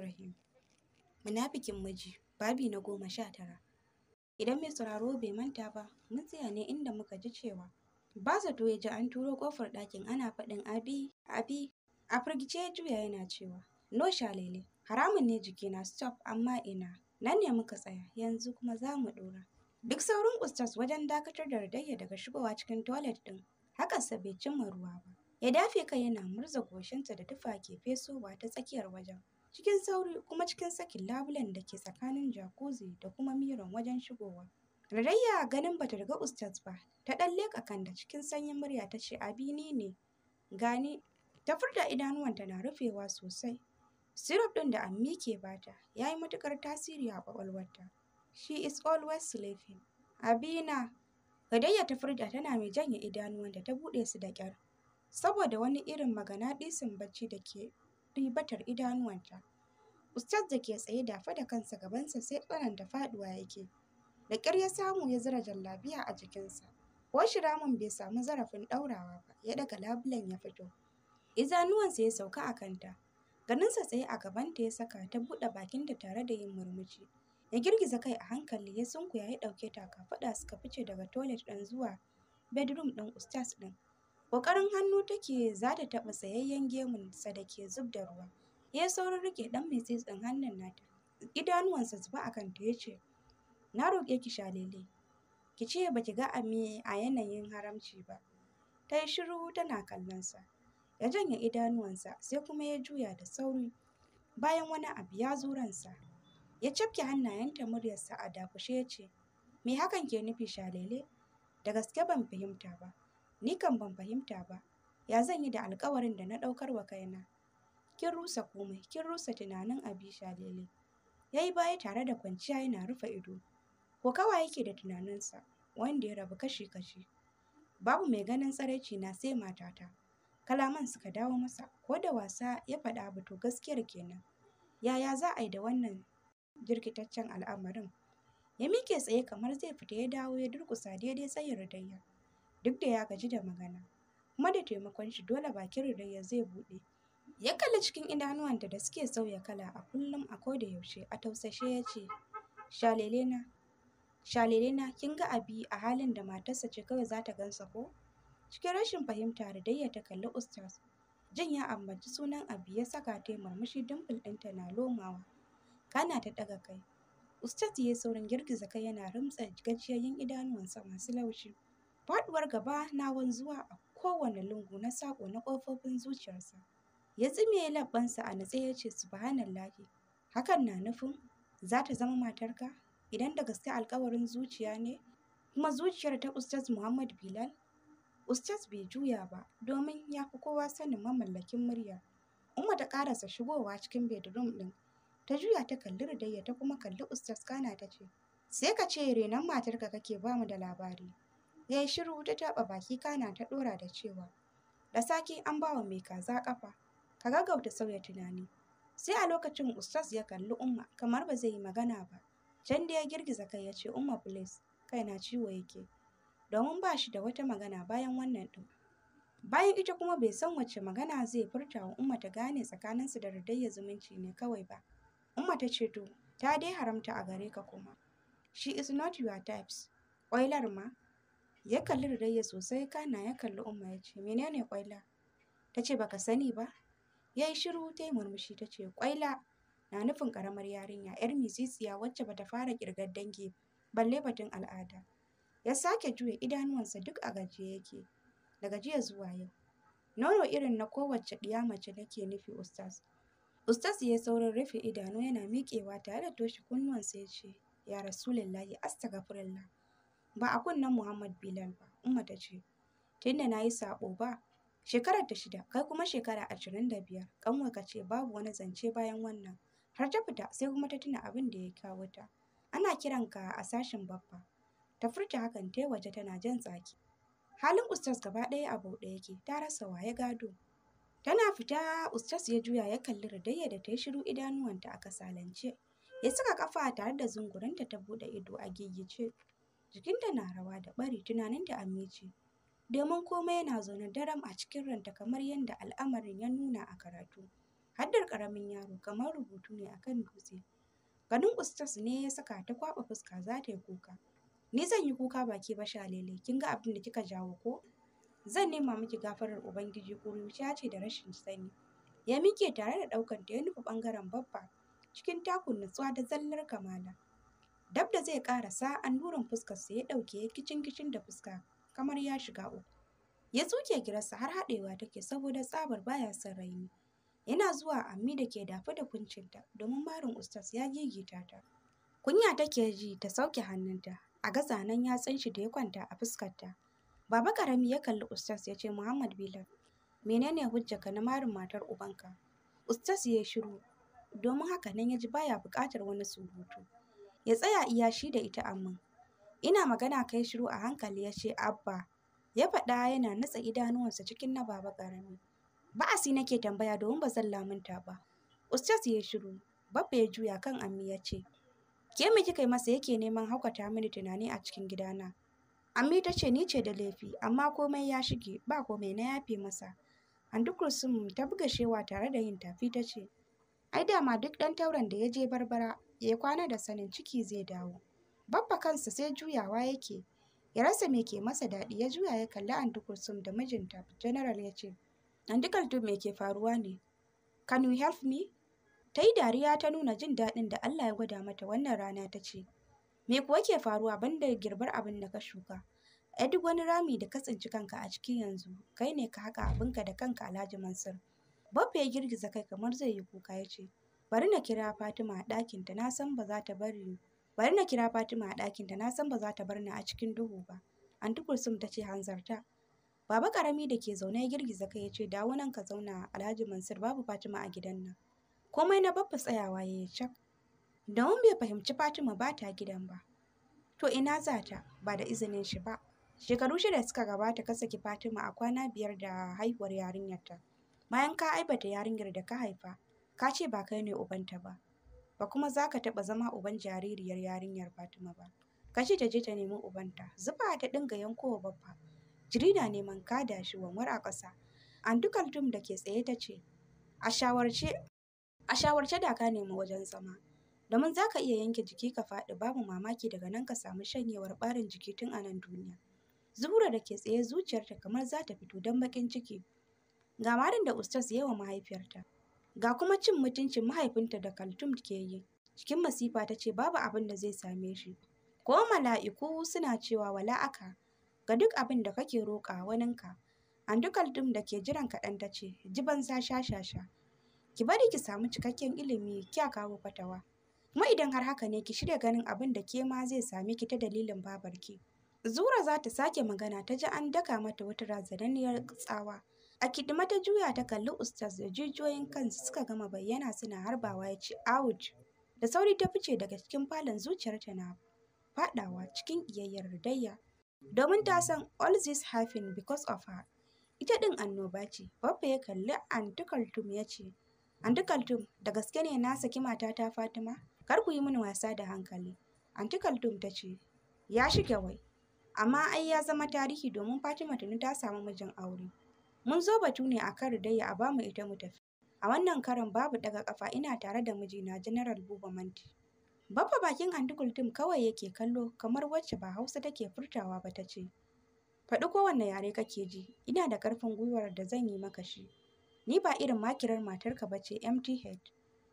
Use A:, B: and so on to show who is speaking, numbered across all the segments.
A: rahim Munafikin miji, babi na goma sha tara. Idan mai sauraro bai manta ba, mun tsaya ne inda muka ji cewa ba zato ya ji an turo kofar ɗakin ana faɗin abi, abi, a firgice ya juya yana cewa, no shalele, haramun ne jikina stop amma ina, nan ne muka tsaya, yanzu kuma za mu ɗora. Duk saurin ustas wajen dakatar da radayya daga shigowa cikin toilet ɗin, haka bai cimma ruwa ba. ya dafe kai yana murza goshinta da tufa ke fesowa ta tsakiyar wajen cikin sauri kuma cikin sakin labulen da ke tsakanin jacuzzi da kuma miran wajen shigowa rarayya ganin bata riga ustaz ba ta ɗan kan da cikin sanyin murya ta ce abini ne gani ta furta idanuwanta na rufewa sosai syrup ɗin da ammi ke bata ya yi matuƙar tasiri a ƙwaƙwalwarta she is always sleeping abina gadayya ta furta tana mai janye idanuwanta ta buɗe su da kyar saboda wani irin maganaɗisin bacci da ke ribatar idanuwanta. Ustaz da ke tsaye dafe da kansa gabansa sai tsananta faɗuwa yake. Da ƙyar ya samu ya zira jallabiya a jikinsa. Washi ramin bai samu zarafin ɗaurawa ba, ya daga labulen ya fito. Idanuwansa ya sauka a kanta. Ganinsa tsaye a gabanta ya saka ta buɗe bakinta tare da yin murmushi. Ya girgiza kai a hankali ya sunkuya ya ɗauke ta kafaɗa suka fice daga toilet ɗin zuwa bedroom ɗin ustaz ɗin. ƙoƙarin hannu take za ta taɓa tsayayyen gemunsa da ke zub da ruwa ya saurin rike ɗan mai tsitsin hannun nata idanuwansa zuba a kanta ya ce na roƙe ki shalele ki ce ba ki ga ami a yanayin haramci ba ta yi shiru tana kallonsa ya janye idanuwansa sai kuma ya juya da sauri bayan wani abu ya zo ya cafke hannayenta muryarsa a dakushe ya ce me hakan ke nufi shalele da gaske ban fahimta ba Ni kan ban fahimta ba, ya zan yi da alkawarin da na ɗaukar wa kaina? Kin rusa komai, kin rusa tunanin Abisha Lele. Ya yi baya tare da kwanciya yana rufe ido. Ko kawa yake da tunaninsa, wanda ya rabu kashi-kashi. Babu mai ganin tsaraici na sai matata. Kalaman suka dawo masa, ko da wasa ya faɗa abu to gaskiyar kenan. Yaya za a yi da wannan jirkitaccen al'amarin? Ya mike tsaye kamar zai fita ya dawo ya durƙusa daidai tsayin ridayya. duk da ya gaji da magana. Kuma da taimakon shi dole bakin Rudayya zai buɗe. Ya kalli cikin idanuwanta da suke sauya kala a kullum a ko da yaushe a tausashe ya ce, Shalelena, Shalelena kin ga abi a halin da matarsa ce kawai za ta gansa ko? Cikin rashin fahimta Rudayya ta kalli Ustaz. Jin ya ambaci sunan abi ya saka ta murmushi dimple ɗinta na lomawa. Kana ta ɗaga kai. Ustaz ya yi saurin girgiza kai yana rumtsa gajiyayyen idanuwansa masu laushi. Faɗuwar gaba na wanzuwa a kowane lungu na saƙo na ƙofofin zuciyarsa. Ya tsime labbansa a natse ya ce su subhanallahi. Hakan na nufin za ta zama matarka idan da gaske alkawarin zuciya ne kuma zuciyar ta Ustaz Muhammad Bilal. Ustaz bai juya ba domin ya fi kowa sanin mamallakin murya. Umma ta ƙarasa shigowa cikin bedroom ɗin. Ta juya ta kalli Rudayya ta kuma kalli Ustaz Kana ta ce, Sai ka ce renon matarka kake ba mu da labari. ya yi shiru ta taɓa baki kana ta ɗora da cewa da saki, an bawa mai kaza ƙafa ka gaggauta sauya tunani sai a lokacin ustaz ya kalli umma kamar ba zai yi magana ba can da ya girgiza kai ya ce umma please kai na ciwo yake domin ba shi da wata magana bayan wannan ɗin bayan ita kuma bai san wacce magana zai furta wa umma ta gane tsakaninsu da radayya zumunci ne kawai ba umma ta ce to ta dai haramta a gare ka kuma she is not your types oilar ma Ya kalli Rudayya sosai kana ya kalli Umma ya ce, menene ƙwaila? Ta ce, baka sani ba? Ya yi shiru ta yi murmushi ta ce, ƙwaila na nufin ƙaramar yarinya, ‘yar mizitsiya wacce bata fara ƙirgar dangi balle batun al'ada. Ya sake juya idanuwansa duk a gaje yake, daga jiya zuwa yau. Nono irin na kowace ɗiya mace nake nufi Ustaz. Ustaz ya saurin rufe idanu yana miƙewa tare da toshe kunnuwansa ya ce, Ya Rasulillahi, astaghfirullah. Ba a kunnen Muhammad Bilal ba, Umma ta ce, tunda na yi saɓo ba, shekarar ta shida, kai kuma shekara ashirin da biyar, ƙanwar ka ce babu wani zance bayan wannan. Har ta fita sai kuma ta tuna abin da ya kawo ta. Ana kiran ka a sashen babba. Ta furta hakan ta waje tana jan tsaki. Halin ustas gaba ɗaya a bauɗe yake, ta rasa waye gado. Tana fita ustas ya juya ya kalli radayya da ta yi shiru idanuwanta a kasalance. Ya saka kafa tare da zungurinta ta buɗe ido a giggice. jikinta na rawa da ɓari tunaninta da mice domin komai yana zaune daram a cikin ranta kamar yadda al'amarin ya nuna a karatu haddar ƙaramin yaro kamar rubutu ne a kan dutse ganin ustas ne ya saka ta kwaɓa fuska za ta yi kuka ni zan yi kuka baki ba lele. kin ga abin da kika jawo ko zan nema miki gafarar ubangiji ƙuruciya ce da rashin sani ya miƙe tare da ta ya nufi ɓangaren babba cikin takun nutsuwa da zallar kamala Dab da zai ƙarasa annurin fuskarsa ya ɗauke kicin-kicin da fuska kamar ya shiga uku. Ya tsuke girarsa har haɗewa take saboda tsabar baya son raini. Yana zuwa ammi da ke dafe da kuncinta domin marin ustas ya gigita ta. Kunya take ji ta sauke hannunta a ga zanen yatsun shi da ya kwanta a fuskarta. Baba Karami ya kalli ustas ya ce Muhammad Bilal menene hujjaka na marin matar ubanka? Ustas ya shiru domin haka nan ya ji baya buƙatar wani surutu. ya tsaya iya shi da ita amma. Ina magana kai shiru a hankali ya ce Abba, ya faɗa yana nutsa idanuwansa cikin na baba ƙarami. Ba'asi nake tambaya domin ba zan lamunta ba. Ustaz ya shiru, babba ya juya kan ammi ya ce, Ke me kika yi masa yake neman haukata mini tunani a cikin gidana? Ammi ta ce ni ce da laifi, amma komai ya shige, ba komai na yafe masa. Andukursum ta buga shewa tare da yin tafi ta ce, Ai dama duk ɗan tauren da ya je barbara ya kwana da sanin ciki zai dawo. Babba kansa sai juyawa yake, ya rasa me ke masa daɗi ya juya ya kalli Anti Kulsum da mijinta, General ya ce, Anti Kulsum me ke faruwa ne? Can you help me? Ta yi dariya ta nuna jin daɗin da Allah ya gwada mata wannan rana ta ce, Me kuwa ke faruwa banda girbar abin da ka shuka? Ai duk wani rami da ka tsinci kanka a cikin yanzu, kai ne ka haƙa abinka da kanka Alhaji Mansur. Babba ya girgiza kai kamar zai yi kuka ya ce, bari na kira Fatima a ɗakinta na san ba za ta bari bari na kira Fatima a ta na san ba za ta bar ni a cikin duhu ba anti Kulsum ta ce hanzarta baba karami da ke zaune ya girgiza kai ya ce dawo nan ka zauna Alhaji Mansur babu Fatima a gidan nan komai na babba tsayawa ya yi Da mun bai fahimci Fatima ba ta gidan ba to ina za ta ba da izinin shi ba shekaru shida suka gabata ka saki Fatima a kwana biyar da haihuwar yarinyarta bayan ka aibata yarinyar da ka haifa ka ce ba kai ne ubanta ba ba kuma za ka taɓa zama uban jaririyar yarinyar fatima ba ka ce ta je ta nemi ubanta zufa ta dinga yankowa babba jiri na neman kada shi wanwar a ƙasa tum da ke tsaye ta ce a shawarce a shawarce da ka nemi wajen zama domin za ka iya yanke jiki ka faɗi babu mamaki daga nan ka samu shanyewar ɓarin jiki tun a nan duniya zuhura da ke tsaye zuciyarta kamar za ta fito don baƙin ciki ga marin da ustas wa mahaifiyarta ga kuma cin mutuncin mahaifinta da Kaltum ke yi. Cikin masifa ta ce babu abin da zai same shi. Ko mala'iku suna cewa wala aka ga duk abin da kake roƙa waninka. duk Kaltum da ke jiran kaɗan ta ce ji sa sha sha Ki bari ki samu cikakken ilimi kya kawo fatawa. Kuma idan har haka ne ki shirya ganin abin da ke ma zai same ki ta dalilin babarki. Zura za ta sake magana ta ji an daka mata wata razananniyar tsawa. A kidima ta juya ta kalli ustaz da jijiyoyin kansu suka gama bayyana suna harbawa ya ce awuj. Da sauri ta fice daga cikin falon zuciyarta na faɗawa cikin ƙiyayyar ridayya. Domin ta san all this happened because of her. Ita ɗin annoba ce, babba ya kalli Antukaltum ya ce, Antukaltum, da gaske ne na saki matata Fatima? Kar ku yi mini wasa da hankali. Antukaltum ta ce, ya shige wai, amma ai ya zama tarihi domin Fatima tuni ta samu mijin aure. Mun zo batu ne a kan Rudayya a bamu ita mu tafi. A wannan karon babu daga kafa ina tare da mijina General Buba Manti. Baffa bakin handukultum kawai yake kallo kamar wacce ba Hausa take furtawa ba ta ce. Faɗi kowanne yare kake ji, ina da ƙarfin gwiwar da zan yi maka shi. Ni ba irin makirar matarka ba ce empty head.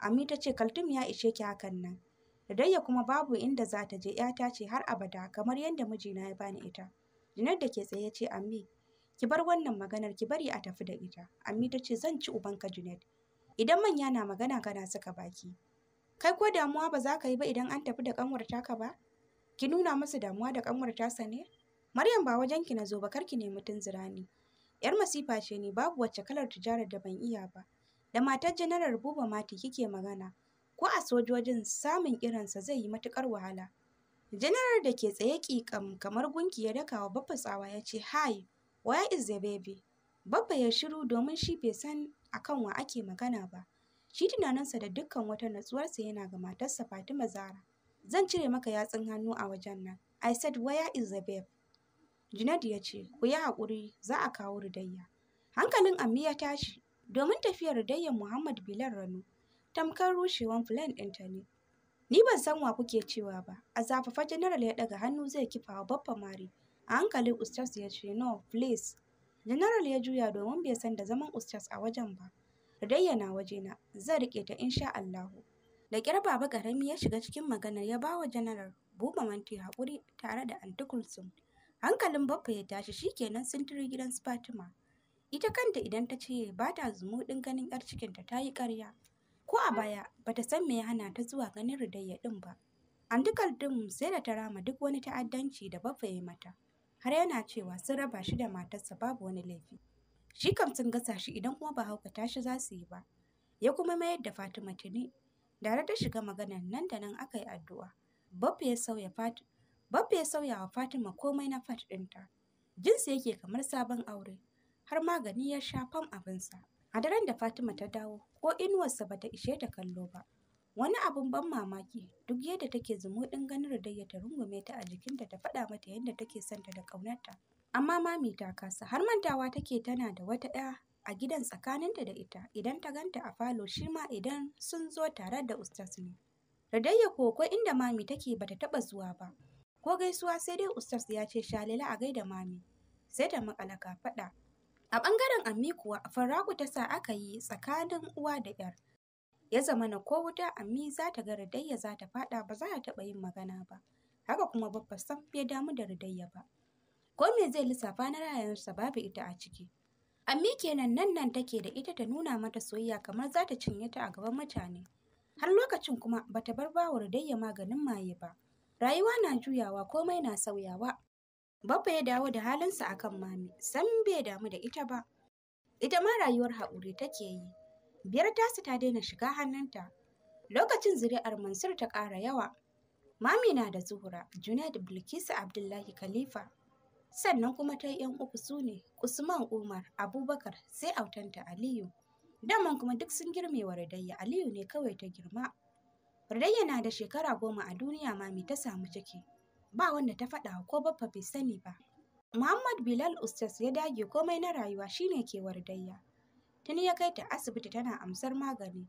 A: Ami ta ce kaltum ya ishe ki hakan nan. Radayya kuma babu inda za ta je ‘yata ce har abada kamar yadda mijina ya bani ita. Jinar da ke tsaye ce Ami, ki bar wannan maganar ki bari a tafi da ita ami ta ce zan ci ubanka junaid idan manya na magana kana saka baki kai ko damuwa ba za ka yi ba idan an tafi da kanwar taka ba ki nuna masa damuwa da kanwar tasa ne maryam ba wajen ki na zo ba kar ki nemi zira ni yar masifa ce ne, babu wacce kalar tijarar da ban iya ba da matar janaral buba mati kike magana ko a sojojin samun irinsa zai yi matukar wahala Janarar da ke tsaye ƙiƙam kamar gunki ya dakawa wa bafatsawa ya ce hai Where is the baby? Babba ya shiru domin shi bai san akan wa ake magana ba. Shi tunaninsa da dukkan wata natsuwarsa yana ga matarsa Fatima Zara. Zan cire maka yatsun hannu a wajen nan. I said where is the babe? ya ce, ku yi haƙuri za a kawo Rudayya. Hankalin Ammi ya tashi domin tafiyar Rudayya Muhammad Bilal Rano tamkar rushewan filan ɗinta ne. Ni ban san wa kuke cewa ba, a zafafa janaral ya ɗaga hannu zai kifa wa babba mari. A hankalin Ustaz ya ce, No, please. General ya juya domin bai san da zaman ustas a wajen ba. Ridayya na wajena, zan riƙe ta insha Allahu. Da ƙyar baba ƙarami ya shiga cikin maganar ya bawa General Buba Manti haƙuri tare da Anti Hankalin Baffa ya tashi shi kenan sintiri gidan su Fatima. Ita kanta idan ta ce ba ta zumuɗin ganin 'yar cikinta ta yi ƙarya. Ko a baya ba ta san me ya hana ta zuwa ganin Rudayya ɗin ba. Andikal ɗin sai da ta rama duk wani ta'addanci da Baffa ya mata. har yana cewa sun raba shi da matarsa babu wani laifi. Shi kam sun gasa shi idan kuma ba haukata shi za su yi ba. Ya kuma mayar da Fatima tuni. Dare ta shiga maganar nan da nan aka yi addu'a. Babu ya sauya Babu ya sauya wa Fatima komai na fat ɗinta. Jinsi yake kamar sabon aure. Har magani ya sha fam abinsa. A daren da Fatima ta dawo, ko inuwarsa ba ta ishe ta kallo ba. Wani abun ban mamaki duk yadda take zumuɗin ganin Rudayya ta rungume ta a jikinta ta faɗa mata yadda take son ta da ƙaunarta. Amma mami ta kasa har mantawa take tana da wata ɗaya a gidan tsakaninta da ita idan ta ganta a falo shi ma idan sun zo tare da ustas ne. ko ko inda mami take bata taɓa zuwa ba. Ko gaisuwa sai dai ustas ya ce shalila a gaida mami. Sai ta makalaka faɗa. A ɓangaren ammi kuwa faraku ta sa aka yi tsakanin uwa da 'yar. ya zamana ko wuta ammi za ta ga Radayya za ta faɗa ba za ta taba yin magana ba haka kuma babba sam bai damu da Radayya ba ko me zai lissafa na rayuwarsa babu ita a ciki ammi kenan nan nan take da ita ta nuna mata soyayya kamar za ta cinye ta a gaban mutane har lokacin kuma ba ta bar bawa Radayya maganin maye ba rayuwa na juyawa komai na sauyawa babba ya dawo da halinsa akan mami san bai damu da ita ba ita ma rayuwar haƙuri take yi biyar tasu ta daina shiga hannunta lokacin zuri'ar mansur ta ƙara yawa mami da zuhura junaid bilkisu abdullahi khalifa sannan kuma ta yi yan uku su ne usman umar abubakar sai autanta aliyu daman kuma duk sun girme wa radayya aliyu ne kawai ta girma radayya na da shekara goma a duniya mami ta samu ciki ba wanda ta faɗa ko baffa bai sani ba muhammad bilal ustas ya dage komai na rayuwa shine ke wardayya tuni ya kai ta asibiti tana amsar magani.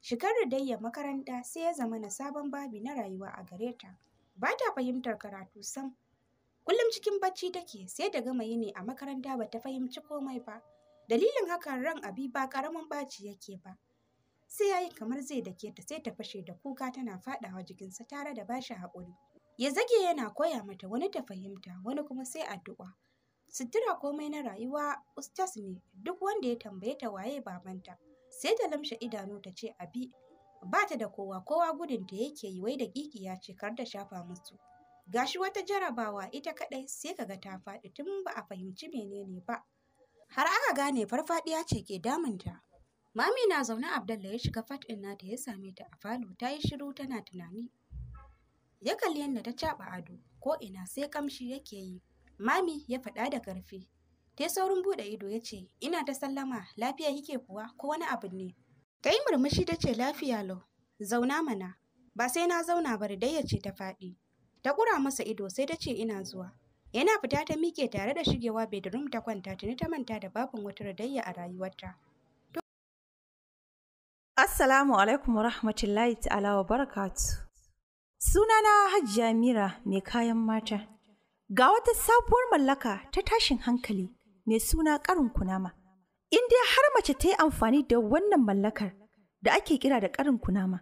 A: Shigar da dayya makaranta sai ya zama na sabon babi na rayuwa a gare ta. Ba ta fahimtar karatu sam. Kullum cikin bacci take sai da gama yini a makaranta ba ta fahimci komai ba. Dalilin hakan ran abi ba karamin baci yake ba. Sai yayi kamar zai dake ta sai ta fashe da kuka tana fadawa jikinsa tare da bashi haƙuri. Ya zage yana koya mata wani ta fahimta wani kuma sai addu'a. Sutura komai na rayuwa ustas ne, duk wanda ya tambaye ta waye babanta, sai ta lamshe idanu ta ce abi. Ba ta da kowa, kowa gudun ta yake yi wai da ya ce kar ta shafa musu. Gashi wata jarabawa ita kadai sai kaga ta faɗi tun ba a fahimci menene ba. Har aka gane farfaɗiya ce ke damunta. Mami na zaune abdalla ya shiga fat ɗin nata ya same ta a falo ta yi shiru tana tunani. Ya kalli yadda ta caɓa ado ko ina sai kamshi yake yi. Mami ya faɗa da ƙarfi. Ta saurin buɗe ido ya ce, Ina ta sallama, lafiya kike kuwa ko wani abu ne? Ta yi murmushi ta ce lafiya lau, zauna mana, ba sai na zauna ba ya ce ta faɗi. Ta ƙura masa ido sai ta ce ina zuwa. Yana fita ta miƙe tare da shigewa bedroom ta kwanta tuni ta manta da babin wata radayya a rayuwarta.
B: Assalamu alaikum wa rahmatullahi ta'ala wa barakatu. Sunana Hajjiya Mira mai kayan mata. Ga wata sabuwar mallaka ta tashin hankali mai suna ƙarin kunama. In dai har mace ta yi amfani da wannan mallakar da ake kira da karin kunama.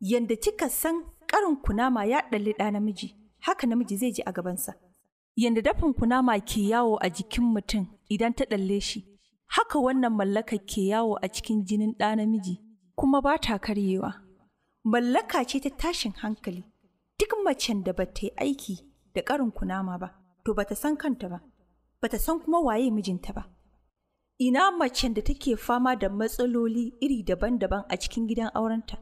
B: Yanda kika san karin kunama ya ɗalli ɗa namiji, haka namiji zai ji a gabansa. Yanda dafin kunama ke yawo a jikin mutum idan ta ɗalle shi, haka wannan mallakar ke yawo a cikin jinin ɗa namiji kuma ba ta karyewa. Mallaka ce ta tashin hankali. Duk macen da ba ta yi aiki da ƙarin kunama ba, to bata san kanta ba, bata san kuma waye mijinta ba. Ina macen da take fama da matsaloli iri daban-daban a cikin gidan aurenta?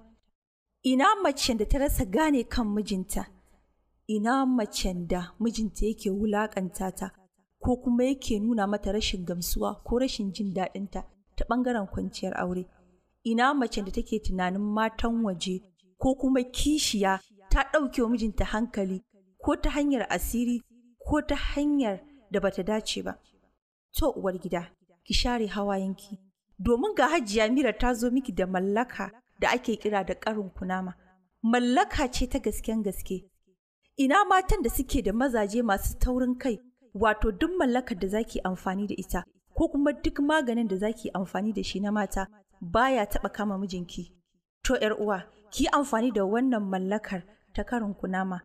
B: Ina macen da ta rasa gane kan mijinta? Ina macen da mijinta yake wulaƙanta ta ko kuma yake nuna mata rashin gamsuwa ko rashin jin daɗinta ta ɓangaren kwanciyar aure? Ina macen da take tunanin matan waje ko kuma kishiya ta ɗauke mijinta hankali ko ta hanyar asiri ko ta hanyar da bata dace ba. To uwar gida, ki share hawayenki. Domin ga hajiya mira ta zo miki da mallaka da ake kira da karin kunama. Mallaka ce ta gasken gaske. Ina matan da suke da mazaje masu taurin kai, wato duk mallakar da zaki amfani da ita, ko kuma duk maganin da zaki amfani da shi na mata baya taɓa kama mijinki. To uwa, ki amfani da wannan mallakar ta karin kunama.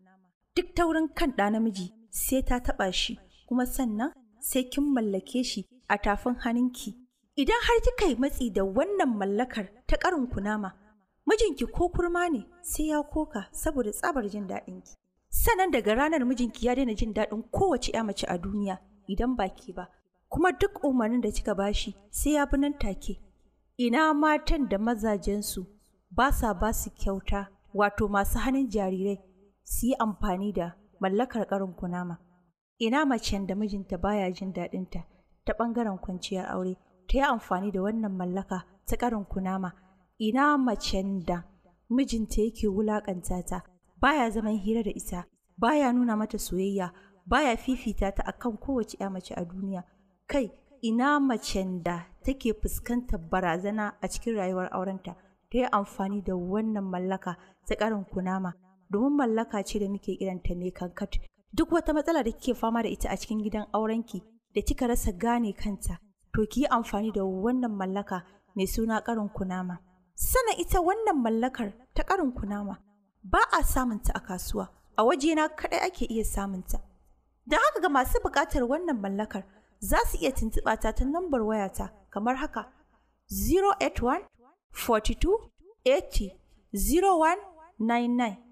B: duk taurin kan ɗa namiji sai ta taɓa shi kuma sannan sai kin mallake shi a tafin hannunki. Idan har kika yi matsi da wannan mallakar ta ƙarin kunama, mijinki ko kurma ne sai ya koka saboda tsabar jin daɗin ki. Sannan daga ranar mijinki ya daina jin daɗin kowace ya mace a duniya idan ba ke ba, kuma duk umarnin da kika bashi sai ya bi nan take. Ina matan da mazajensu ba sa ba su kyauta wato masu hannun jarirai su yi amfani da mallakar karin kunama. Ina macen da mijinta baya jin daɗinta ta ɓangaren kwanciyar aure ta yi amfani da wannan mallaka ta karin kunama. Ina macen da mijinta yake wulaƙanta ta baya zaman hira da ita baya nuna mata soyayya baya fifita ta akan kowace ya mace a duniya kai ina macen da take fuskantar barazana a cikin rayuwar aurenta ta yi amfani da wannan mallaka ta karin kunama domin mallaka ce da muke kiranta ne kankat. Duk wata matsala da kike fama da ita a cikin gidan aurenki da kika rasa gane kanta, to ki amfani da wannan mallaka mai suna karin kunama. Sana ita wannan mallakar ta karin kunama ba a samunta a kasuwa, a wajena kaɗai ake iya samunta. Da haka ga masu bukatar wannan mallakar za su iya tuntuɓa ta ta nambar wayata kamar haka 081 42 80 0199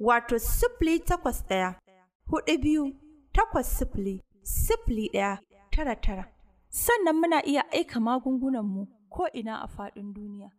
B: wato sifili takwas ɗaya hudu biyu takwas sifili sifili ɗaya tara tara sannan muna iya aika magungunanmu ko ina a faɗin duniya.